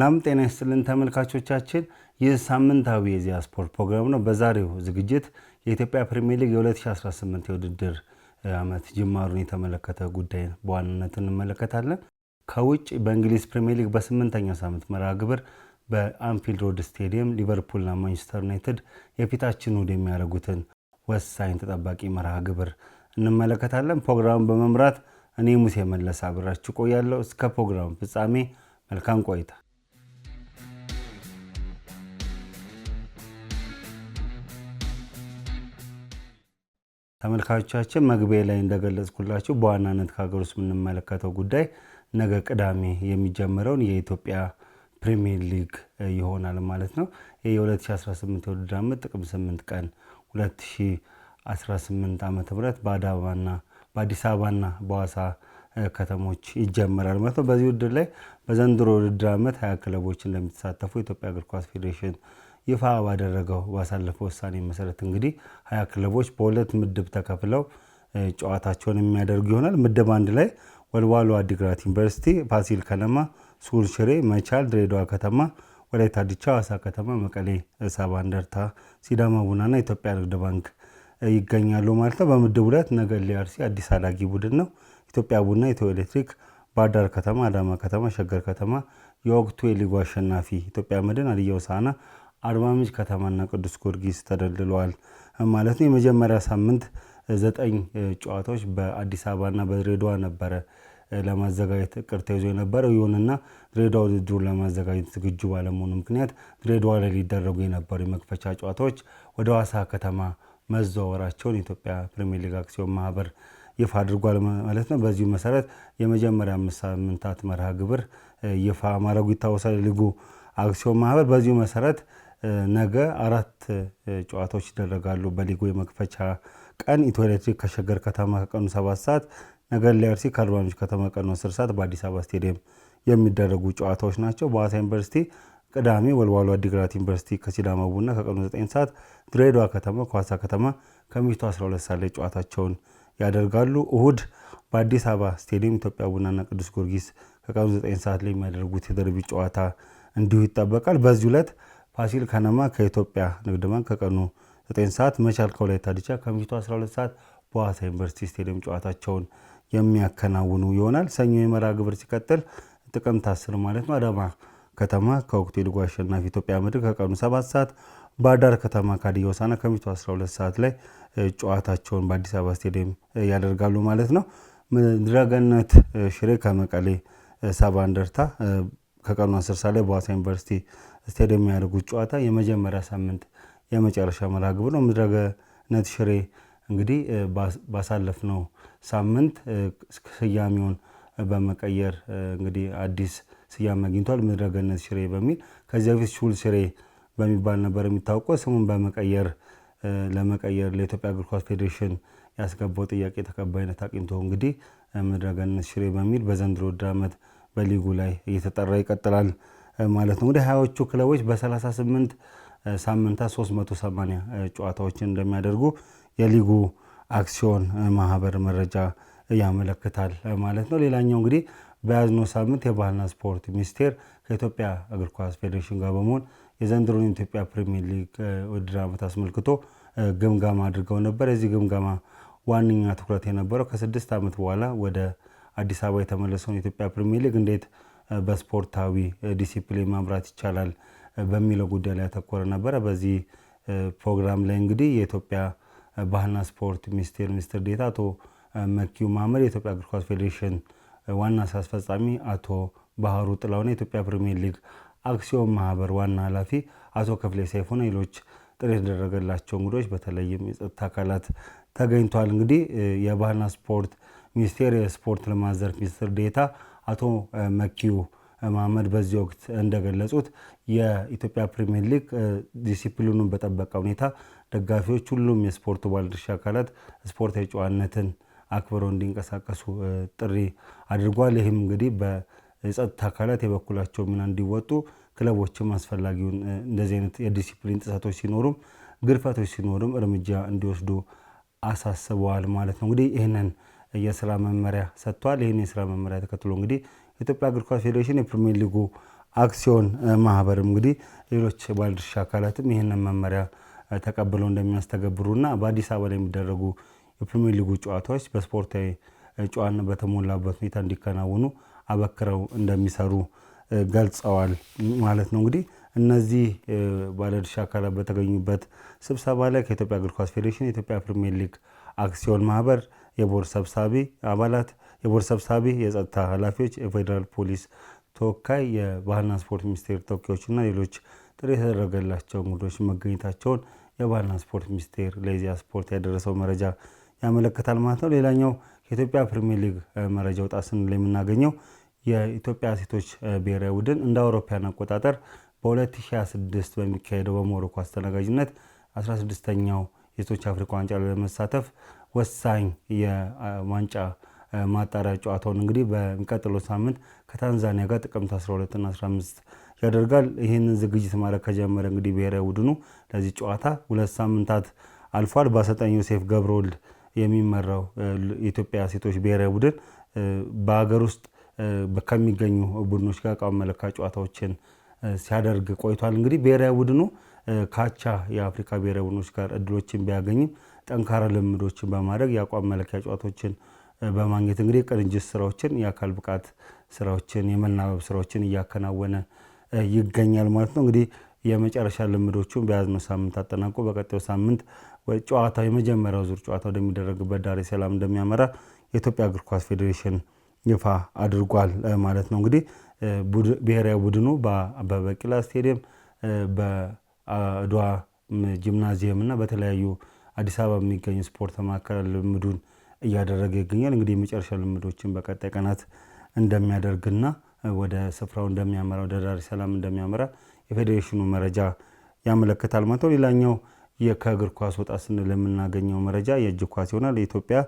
ሰላም ጤና ይስጥልን ተመልካቾቻችን፣ ይህ ሳምንታዊ የኢዜአ ስፖርት ፕሮግራም ነው። በዛሬው ዝግጅት የኢትዮጵያ ፕሪሚየር ሊግ የ2018 የውድድር ዓመት ጅማሩን የተመለከተ ጉዳይ በዋናነት እንመለከታለን። ከውጭ በእንግሊዝ ፕሪሚየር ሊግ በስምንተኛው ሳምንት መርሃ ግብር በአንፊልድ ሮድ ስቴዲየም ሊቨርፑልና ማንቸስተር ዩናይትድ የፊታችን እሁድ የሚያደርጉትን ወሳኝ ተጠባቂ መርሃ ግብር እንመለከታለን። ፕሮግራም በመምራት እኔ ሙሴ መለስ አብራችሁ ቆያለሁ። እስከ ፕሮግራም ፍጻሜ መልካም ቆይታ ተመልካቾቻችን መግቢያ ላይ እንደገለጽኩላችሁ በዋናነት ከሀገር ውስጥ የምንመለከተው ጉዳይ ነገ ቅዳሜ የሚጀምረውን የኢትዮጵያ ፕሪሚየር ሊግ ይሆናል ማለት ነው። ይህ የ2018 የውድድር ዓመት ጥቅም 8 ቀን 2018 ዓ ም በአዳማና በአዲስ አበባና በዋሳ ከተሞች ይጀምራል ማለት ነው። በዚህ ውድድር ላይ በዘንድሮ ውድድር ዓመት ሀያ ክለቦች እንደሚተሳተፉ የኢትዮጵያ እግር ኳስ ፌዴሬሽን ይፋ ባደረገው ባሳለፈው ውሳኔ መሰረት እንግዲህ ሀያ ክለቦች በሁለት ምድብ ተከፍለው ጨዋታቸውን የሚያደርጉ ይሆናል። ምድብ አንድ ላይ ወልዋሎ አዲግራት ዩኒቨርሲቲ፣ ፋሲል ከነማ፣ ሱር ሽሬ፣ መቻል፣ ድሬዳዋ ከተማ፣ ወላይታ ዲቻ፣ ሐዋሳ ከተማ፣ መቀሌ ሰባ እንደርታ፣ ሲዳማ ቡናና ኢትዮጵያ ንግድ ባንክ ይገኛሉ ማለት ነው። በምድብ ሁለት ነገሌ አርሲ አዲስ አዳጊ ቡድን ነው። ኢትዮጵያ ቡና፣ ኢትዮ ኤሌክትሪክ፣ ባህር ከተማ፣ አዳማ ከተማ፣ ሸገር ከተማ፣ የወቅቱ የሊጉ አሸናፊ ኢትዮጵያ መድን፣ ሀዲያ ሆሳዕና አርባ ምንጭ ከተማና ቅዱስ ጊዮርጊስ ተደልድለዋል ማለት ነው። የመጀመሪያ ሳምንት ዘጠኝ ጨዋታዎች በአዲስ አበባና በድሬዳዋ ነበረ ለማዘጋጀት እቅድ ተይዞ የነበረው። ይሁንና ድሬዳዋ ውድድሩን ለማዘጋጀት ዝግጁ ባለመሆኑ ምክንያት ድሬዳዋ ላይ ሊደረጉ የነበሩ የመክፈቻ ጨዋታዎች ወደ ዋሳ ከተማ መዘዋወራቸውን የኢትዮጵያ ፕሪሚየር ሊግ አክሲዮን ማህበር ይፋ አድርጓል ማለት ነው። በዚሁ መሰረት የመጀመሪያ አምስት ሳምንታት መርሃ ግብር ይፋ ማድረጉ ይታወሳል። ሊጉ አክሲዮን ማህበር በዚሁ መሰረት ነገ አራት ጨዋታዎች ይደረጋሉ በሊጉ የመክፈቻ ቀን ኢትዮ ኤሌክትሪክ ከሸገር ከተማ ከቀኑ ሰባት ሰዓት፣ ነገሌ አርሲ ከአርባ ምንጭ ከተማ ቀኑ 10 ሰዓት በአዲስ አበባ ስቴዲየም የሚደረጉ ጨዋታዎች ናቸው። በሐዋሳ ዩኒቨርሲቲ ቅዳሜ ወልዋሎ አዲግራት ዩኒቨርሲቲ ከሲዳማ ቡና ከቀኑ 9 ሰዓት፣ ድሬዳዋ ከተማ ከዋሳ ከተማ ከምሽቱ 12 ሰዓት ላይ ጨዋታቸውን ያደርጋሉ። እሁድ በአዲስ አበባ ስቴዲየም ኢትዮጵያ ቡናና ቅዱስ ጊዮርጊስ ከቀኑ 9 ሰዓት ላይ የሚያደርጉት የደርቢ ጨዋታ እንዲሁ ይጠበቃል። በዚህ ዕለት ፋሲል ከነማ ከኢትዮጵያ ንግድ ባንክ ከቀኑ 9 ሰዓት፣ መቻል ከወላይታ ዲቻ ከምሽቱ 12 ሰዓት በዋሳ ዩኒቨርሲቲ ስቴዲየም ጨዋታቸውን የሚያከናውኑ ይሆናል። ሰኞ የመራ ግብር ሲቀጥል ጥቅምት 10 ማለት ነው አዳማ ከተማ ከወቅቱ የሊጉ አሸናፊ ኢትዮጵያ ምድር ከቀኑ 7 ሰዓት፣ ባህርዳር ከተማ ከሀዲያ ሆሳዕና ከምሽቱ 12 ሰዓት ላይ ጨዋታቸውን በአዲስ አበባ ስቴዲየም ያደርጋሉ ማለት ነው። ምድረገነት ሽሬ ከመቀሌ ሰባ እንደርታ ከቀኑ 10 ሰዓት ላይ በዋሳ ዩኒቨርሲቲ ስታዲየም የሚያደርጉት ጨዋታ የመጀመሪያ ሳምንት የመጨረሻ መርሃ ግብር ነው። ምድረገነት ሽሬ እንግዲህ ባሳለፍነው ሳምንት ስያሜውን በመቀየር እንግዲህ አዲስ ስያሜ አግኝቷል። ምድረገነት ሽሬ በሚል ከዚያ በፊት ሹል ሽሬ በሚባል ነበር የሚታወቀው። ስሙን በመቀየር ለመቀየር ለኢትዮጵያ እግር ኳስ ፌዴሬሽን ያስገባው ጥያቄ ተቀባይነት አግኝቶ እንግዲህ ምድረገነት ሽሬ በሚል በዘንድሮ ዓመት በሊጉ ላይ እየተጠራ ይቀጥላል። ማለት ነው። ወደ ሀያዎቹ ክለቦች በ38 ሳምንታት 380 ጨዋታዎችን እንደሚያደርጉ የሊጉ አክሲዮን ማህበር መረጃ ያመለክታል ማለት ነው። ሌላኛው እንግዲህ በያዝነው ሳምንት የባህልና ስፖርት ሚኒስቴር ከኢትዮጵያ እግር ኳስ ፌዴሬሽን ጋር በመሆን የዘንድሮን የኢትዮጵያ ፕሪሚየር ሊግ ውድድር ዓመት አስመልክቶ ግምጋማ አድርገው ነበር። የዚህ ግምጋማ ዋነኛ ትኩረት የነበረው ከስድስት ዓመት በኋላ ወደ አዲስ አበባ የተመለሰውን የኢትዮጵያ ፕሪሚየር ሊግ እንዴት በስፖርታዊ ዲሲፕሊን መምራት ይቻላል በሚለው ጉዳይ ላይ ያተኮረ ነበረ። በዚህ ፕሮግራም ላይ እንግዲህ የኢትዮጵያ ባህልና ስፖርት ሚኒስቴር ሚኒስትር ዴታ አቶ መኪዩ ማመድ የኢትዮጵያ እግር ኳስ ፌዴሬሽን ዋና ስራ አስፈጻሚ አቶ ባህሩ ጥላውና የኢትዮጵያ ፕሪሚየር ሊግ አክሲዮን ማህበር ዋና ኃላፊ አቶ ክፍሌ ሰይፉና ሌሎች ጥሪ የተደረገላቸው እንግዶች በተለይም የጸጥታ አካላት ተገኝተዋል። እንግዲህ የባህልና ስፖርት ሚኒስቴር የስፖርት ልማት ዘርፍ ሚኒስትር ዴታ አቶ መኪዩ መሐመድ በዚህ ወቅት እንደገለጹት የኢትዮጵያ ፕሪሚየር ሊግ ዲሲፕሊኑን በጠበቀ ሁኔታ ደጋፊዎች፣ ሁሉም የስፖርቱ ባለድርሻ አካላት ስፖርታዊ ጨዋነትን አክብረው እንዲንቀሳቀሱ ጥሪ አድርጓል። ይህም እንግዲህ በጸጥታ አካላት የበኩላቸው ሚና እንዲወጡ ክለቦችም አስፈላጊውን እንደዚህ አይነት የዲሲፕሊን ጥሰቶች ሲኖሩም ግርፈቶች ሲኖሩም እርምጃ እንዲወስዱ አሳስበዋል ማለት ነው እንግዲህ ይህንን የስራ መመሪያ ሰጥቷል። ይህን የስራ መመሪያ ተከትሎ እንግዲህ የኢትዮጵያ እግር ኳስ ፌዴሬሽን የፕሪሚየር ሊጉ አክሲዮን ማህበርም እንግዲህ ሌሎች ባለድርሻ አካላትም ይህንን መመሪያ ተቀብለው እንደሚያስተገብሩና በአዲስ አበባ ላይ የሚደረጉ የፕሪሚየር ሊጉ ጨዋታዎች በስፖርታዊ ጨዋነት በተሞላበት ሁኔታ እንዲከናወኑ አበክረው እንደሚሰሩ ገልጸዋል ማለት ነው። እንግዲህ እነዚህ ባለድርሻ አካላት በተገኙበት ስብሰባ ላይ ከኢትዮጵያ እግር ኳስ ፌዴሬሽን የኢትዮጵያ ፕሪሚየር ሊግ አክሲዮን ማህበር የቦርድ ሰብሳቢ አባላት፣ የቦርድ ሰብሳቢ፣ የጸጥታ ኃላፊዎች፣ የፌዴራል ፖሊስ ተወካይ፣ የባህልና ስፖርት ሚኒስቴር ተወካዮችና ሌሎች ጥሪ የተደረገላቸው እንግዶች መገኘታቸውን የባህልና ስፖርት ሚኒስቴር ለኢዜአ ስፖርት ያደረሰው መረጃ ያመለክታል ማለት ነው። ሌላኛው ከኢትዮጵያ ፕሪሚየር ሊግ መረጃ ወጣ ስንል የምናገኘው የኢትዮጵያ ሴቶች ብሔራዊ ቡድን እንደ አውሮፓያን አቆጣጠር በ2026 በሚካሄደው በሞሮኮ አስተናጋጅነት 16ኛው የሴቶች አፍሪካ ዋንጫ ለመሳተፍ ወሳኝ የዋንጫ ማጣሪያ ጨዋታውን እንግዲህ በሚቀጥለው ሳምንት ከታንዛኒያ ጋር ጥቅምት 12ና 15 ያደርጋል። ይህንን ዝግጅት ማድረግ ከጀመረ እንግዲህ ብሔራዊ ቡድኑ ለዚህ ጨዋታ ሁለት ሳምንታት አልፏል። በአሰልጣኝ ዮሴፍ ገብረወልድ የሚመራው የኢትዮጵያ ሴቶች ብሔራዊ ቡድን በሀገር ውስጥ ከሚገኙ ቡድኖች ጋር ዕቃ መለካ ጨዋታዎችን ሲያደርግ ቆይቷል። እንግዲህ ብሔራዊ ቡድኑ ካቻ የአፍሪካ ብሔራዊ ቡድኖች ጋር እድሎችን ቢያገኝም ጠንካራ ልምዶችን በማድረግ የአቋም መለኪያ ጨዋታዎችን በማግኘት እንግዲህ ቅንጅት ስራዎችን፣ የአካል ብቃት ስራዎችን፣ የመናበብ ስራዎችን እያከናወነ ይገኛል ማለት ነው። እንግዲህ የመጨረሻ ልምዶቹን በያዝነው ሳምንት አጠናቆ በቀጣዩ ሳምንት ጨዋታው የመጀመሪያው ዙር ጨዋታ ወደሚደረግበት ዳሬ ሰላም እንደሚያመራ የኢትዮጵያ እግር ኳስ ፌዴሬሽን ይፋ አድርጓል ማለት ነው። እንግዲህ ብሔራዊ ቡድኑ በበቂላ ስቴዲየም አድዋ ጂምናዚየም እና በተለያዩ አዲስ አበባ የሚገኙ ስፖርት ማዕከላት ልምዱን እያደረገ ይገኛል። እንግዲህ የመጨረሻ ልምዶችን በቀጣይ ቀናት እንደሚያደርግና ወደ ስፍራው እንደሚያመራ ወደ ዳሬ ሰላም እንደሚያመራ የፌዴሬሽኑ መረጃ ያመለክታል ማለት ነው። ሌላኛው ከእግር ኳስ ወጣ ስንል የምናገኘው መረጃ የእጅ ኳስ ይሆናል። የኢትዮጵያ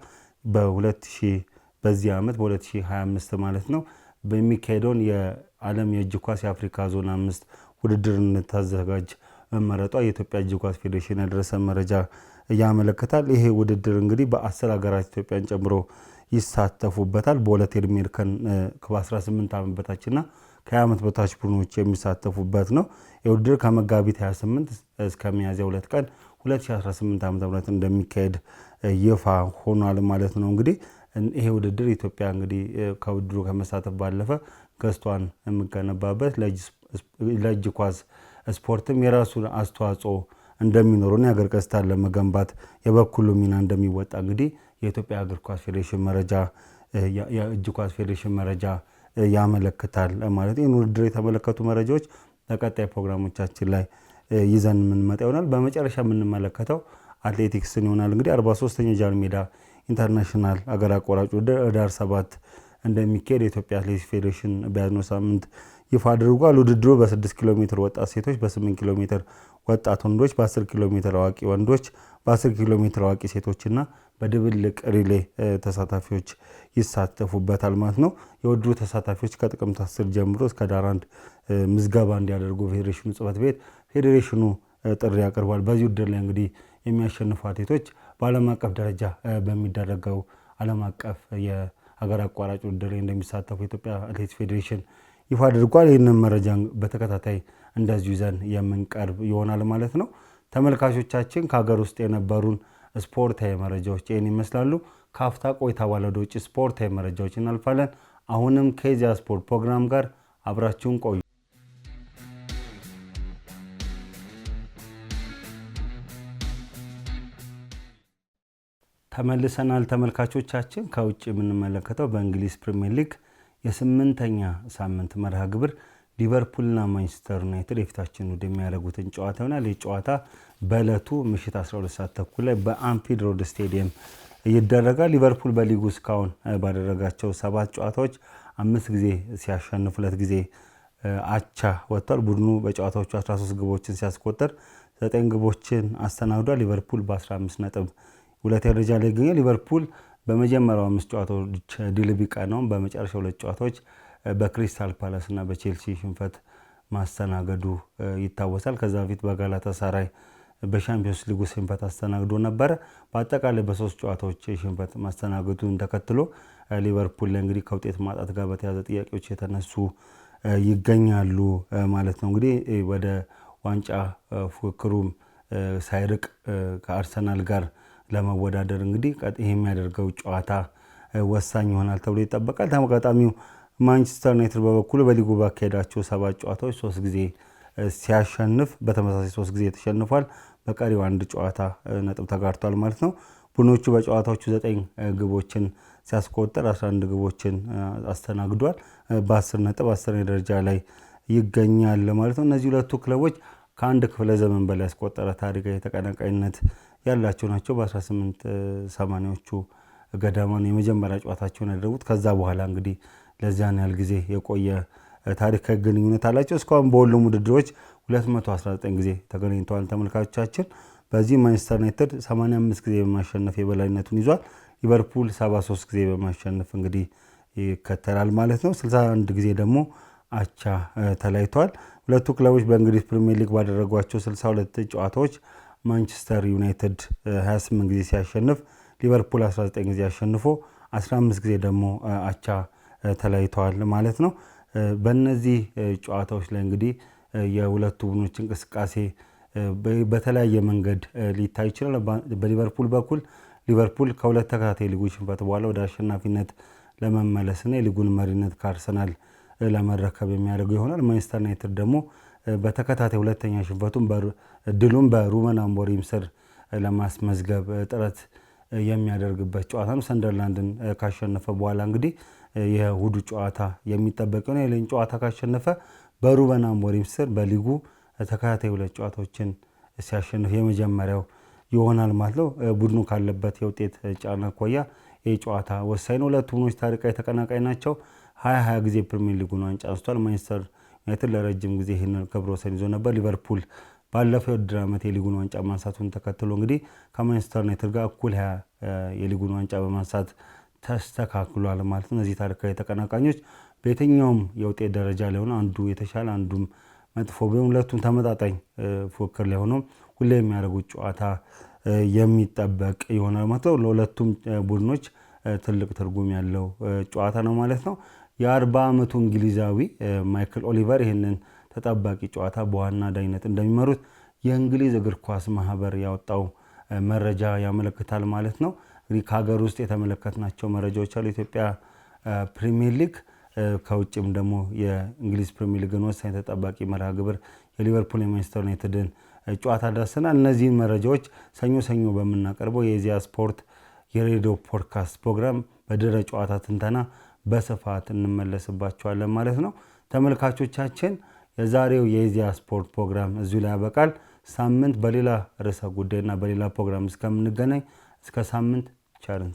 በዚህ ዓመት በ2025 ማለት ነው በሚካሄደውን የዓለም የእጅ ኳስ የአፍሪካ ዞን አምስት ውድድር እንታዘጋጅ መመረጧ የኢትዮጵያ እጅ ኳስ ፌዴሬሽን ያደረሰ መረጃ ያመለክታል። ይሄ ውድድር እንግዲህ በአስር ሀገራት ኢትዮጵያን ጨምሮ ይሳተፉበታል። በሁለት የዕድሜ እርከን ከ18 ዓመት በታችና ከ20 ዓመት በታች ቡድኖች የሚሳተፉበት ነው። የውድድር ከመጋቢት 28 እስከ ሚያዝያ 2 ቀን 2018 ዓ ም እንደሚካሄድ ይፋ ሆኗል ማለት ነው። እንግዲህ ይሄ ውድድር ኢትዮጵያ እንግዲህ ከውድድሩ ከመሳተፍ ባለፈ ገዝቷን የምገነባበት ለእጅ ኳስ ስፖርትም የራሱን አስተዋጽኦ እንደሚኖረውና የሀገር ገጽታን ለመገንባት የበኩሉ ሚና እንደሚወጣ እንግዲህ የኢትዮጵያ እግር ኳስ ፌዴሬሽን መረጃ የእጅ ኳስ ፌዴሬሽን መረጃ ያመለክታል ማለት ይህን ውድድር የተመለከቱ መረጃዎች በቀጣይ ፕሮግራሞቻችን ላይ ይዘን የምንመጣ ይሆናል። በመጨረሻ የምንመለከተው አትሌቲክስን ይሆናል። እንግዲህ 43ኛው ጃን ሜዳ ኢንተርናሽናል አገር አቋራጭ ውድድር ህዳር ሰባት እንደሚካሄድ የኢትዮጵያ አትሌቲክስ ፌዴሬሽን በያዝነው ሳምንት ይፋ አድርጓል። ውድድሩ በ6 ኪሎ ሜትር ወጣት ሴቶች፣ በ8 ኪሎ ሜትር ወጣት ወንዶች፣ በ10 ኪሎ ሜትር አዋቂ ወንዶች፣ በ10 ኪሎ ሜትር አዋቂ ሴቶችና በድብልቅ ሪሌ ተሳታፊዎች ይሳተፉበታል ማለት ነው። የውድድሩ ተሳታፊዎች ከጥቅምት 10 ጀምሮ እስከ ዳር አንድ ምዝገባ እንዲያደርጉ ፌዴሬሽኑ ጽህፈት ቤት ፌዴሬሽኑ ጥሪ ያቀርቧል። በዚህ ውድድር ላይ እንግዲህ የሚያሸንፉ አትሌቶች በዓለም አቀፍ ደረጃ በሚደረገው ዓለም አቀፍ የሀገር አቋራጭ ውድድር ላይ እንደሚሳተፉ የኢትዮጵያ አትሌቲክስ ፌዴሬሽን ይፋ አድርጓል። ይህንን መረጃ በተከታታይ እንደዚሁ ይዘን የምንቀርብ ይሆናል ማለት ነው። ተመልካቾቻችን ከሀገር ውስጥ የነበሩን ስፖርታዊ መረጃዎች ይህን ይመስላሉ። ከአፍታ ቆይታ ባለወደ ውጭ ስፖርታዊ መረጃዎች እናልፋለን። አሁንም ከዚያ ስፖርት ፕሮግራም ጋር አብራችሁን ቆዩ። ተመልሰናል ተመልካቾቻችን። ከውጭ የምንመለከተው በእንግሊዝ ፕሪሚየር ሊግ የስምንተኛ ሳምንት መርሃ ግብር ሊቨርፑልና ማንቸስተር ዩናይትድ የፊታችን እሑድ የሚያደርጉትን ጨዋታ ይሆናል። ይህ ጨዋታ በእለቱ ምሽት 12 ሰዓት ተኩል ላይ በአንፊልድ ሮድ ስቴዲየም ይደረጋል። ሊቨርፑል በሊጉ እስካሁን ባደረጋቸው ሰባት ጨዋታዎች አምስት ጊዜ ሲያሸንፍ ሁለት ጊዜ አቻ ወጥቷል። ቡድኑ በጨዋታዎቹ 13 ግቦችን ሲያስቆጠር ዘጠኝ ግቦችን አስተናግዷል። ሊቨርፑል በ15 ነጥብ ሁለተኛ ደረጃ ላይ ይገኛል። ሊቨርፑል በመጀመሪያው አምስት ጨዋታዎች ድል ቢቀናውም በመጨረሻ ሁለት ጨዋታዎች በክሪስታል ፓላስ እና በቼልሲ ሽንፈት ማስተናገዱ ይታወሳል። ከዛ በፊት በጋላታ ሳራይ በሻምፒዮንስ ሊጉ ሽንፈት አስተናግዶ ነበረ። በአጠቃላይ በሶስት ጨዋታዎች ሽንፈት ማስተናገዱን ተከትሎ ሊቨርፑል እንግዲህ ከውጤት ማጣት ጋር በተያዘ ጥያቄዎች የተነሱ ይገኛሉ ማለት ነው። እንግዲህ ወደ ዋንጫ ፉክክሩም ሳይርቅ ከአርሰናል ጋር ለመወዳደር እንግዲህ ይህ የሚያደርገው ጨዋታ ወሳኝ ይሆናል ተብሎ ይጠበቃል። ተጋጣሚው ማንቸስተር ዩናይትድ በበኩሉ በሊጉ ባካሄዳቸው ሰባት ጨዋታዎች ሶስት ጊዜ ሲያሸንፍ በተመሳሳይ ሶስት ጊዜ ተሸንፏል። በቀሪው አንድ ጨዋታ ነጥብ ተጋርቷል ማለት ነው። ቡድኖቹ በጨዋታዎቹ ዘጠኝ ግቦችን ሲያስቆጠር 11 ግቦችን አስተናግዷል። በ10 ነጥብ 10 ደረጃ ላይ ይገኛል ማለት ነው። እነዚህ ሁለቱ ክለቦች ከአንድ ክፍለ ዘመን በላይ ያስቆጠረ ታሪካዊ የተቀናቃኝነት ያላቸው ናቸው። በ18 ሰማኒዎቹ ገዳማ ነው የመጀመሪያ ጨዋታቸውን ያደረጉት። ከዛ በኋላ እንግዲህ ለዚያን ያህል ጊዜ የቆየ ታሪካዊ ግንኙነት አላቸው። እስካሁን በሁሉም ውድድሮች 219 ጊዜ ተገናኝተዋል። ተመልካቾቻችን በዚህ ማንቸስተር ዩናይትድ 85 ጊዜ በማሸነፍ የበላይነቱን ይዟል። ሊቨርፑል 73 ጊዜ በማሸነፍ እንግዲህ ይከተላል ማለት ነው። 61 ጊዜ ደግሞ አቻ ተለያይተዋል። ሁለቱ ክለቦች በእንግሊዝ ፕሪሚየር ሊግ ባደረጓቸው 62 ጨዋታዎች ማንቸስተር ዩናይትድ 28 ጊዜ ሲያሸንፍ ሊቨርፑል 19 ጊዜ አሸንፎ 15 ጊዜ ደግሞ አቻ ተለያይተዋል ማለት ነው። በእነዚህ ጨዋታዎች ላይ እንግዲህ የሁለቱ ቡድኖች እንቅስቃሴ በተለያየ መንገድ ሊታይ ይችላል። በሊቨርፑል በኩል ሊቨርፑል ከሁለት ተከታታይ ሊጉ ሽንፈት በኋላ ወደ አሸናፊነት ለመመለስና የሊጉን መሪነት ከአርሰናል ለመረከብ የሚያደርገው ይሆናል። ማንቸስተር ዩናይትድ ደግሞ በተከታታይ ሁለተኛ ሽንፈቱን ድሉም በሩበን አሞሪም ስር ለማስመዝገብ ጥረት የሚያደርግበት ጨዋታ ነው። ሰንደርላንድን ካሸነፈ በኋላ እንግዲህ የእሁዱ ጨዋታ የሚጠበቅ ነው። የሌን ጨዋታ ካሸነፈ በሩበን አሞሪም ስር በሊጉ ተከታታይ ሁለት ጨዋታዎችን ሲያሸንፍ የመጀመሪያው ይሆናል ማለት ነው። ቡድኑ ካለበት የውጤት ጫና አኳያ ይህ ጨዋታ ወሳኝ ነው። ሁለቱ ቡድኖች ታሪካዊ ተቀናቃኝ ናቸው። ሀያ ሀያ ጊዜ ፕሪሚየር ሊጉን ዋንጫ አንስቷል። ማንቸስተር ዩናይትድ ለረጅም ጊዜ ይህንን ክብረ ወሰን ይዞ ነበር። ሊቨርፑል ባለፈው የውድድር ዓመት የሊጉን ዋንጫ ማንሳቱን ተከትሎ እንግዲህ ከማንቸስተር ዩናይትድ ጋር እኩል ሀያ የሊጉን ዋንጫ በማንሳት ተስተካክሏል ማለት ነው። እነዚህ ታሪካዊ ተቀናቃኞች በየትኛውም የውጤት ደረጃ ላይሆነ አንዱ የተሻለ አንዱም መጥፎ ቢሆን ሁለቱም ተመጣጣኝ ፉክክር ላይ ሁሌ የሚያደርጉት ጨዋታ የሚጠበቅ ይሆናል ማለት ነው። ለሁለቱም ቡድኖች ትልቅ ትርጉም ያለው ጨዋታ ነው ማለት ነው። የአርባ ዓመቱ እንግሊዛዊ ማይክል ኦሊቨር ይህንን ተጠባቂ ጨዋታ በዋና ዳኝነት እንደሚመሩት የእንግሊዝ እግር ኳስ ማህበር ያወጣው መረጃ ያመለክታል ማለት ነው። እንግዲህ ከሀገር ውስጥ የተመለከትናቸው መረጃዎች አሉ። የኢትዮጵያ ፕሪሚየር ሊግ ከውጭም ደግሞ የእንግሊዝ ፕሪሚየር ሊግን ወሳኝ ተጠባቂ መርሃ ግብር የሊቨርፑል የማንቸስተር ዩናይትድን ጨዋታ ደርሰናል። እነዚህን መረጃዎች ሰኞ ሰኞ በምናቀርበው የኢዜአ ስፖርት የሬዲዮ ፖድካስት ፕሮግራም በድረ ጨዋታ ትንተና በስፋት እንመለስባቸዋለን ማለት ነው። ተመልካቾቻችን የዛሬው የኢዜአ ስፖርት ፕሮግራም እዚሁ ላይ ያበቃል። ሳምንት በሌላ ርዕሰ ጉዳይና በሌላ ፕሮግራም እስከምንገናኝ እስከ ሳምንት ቸርን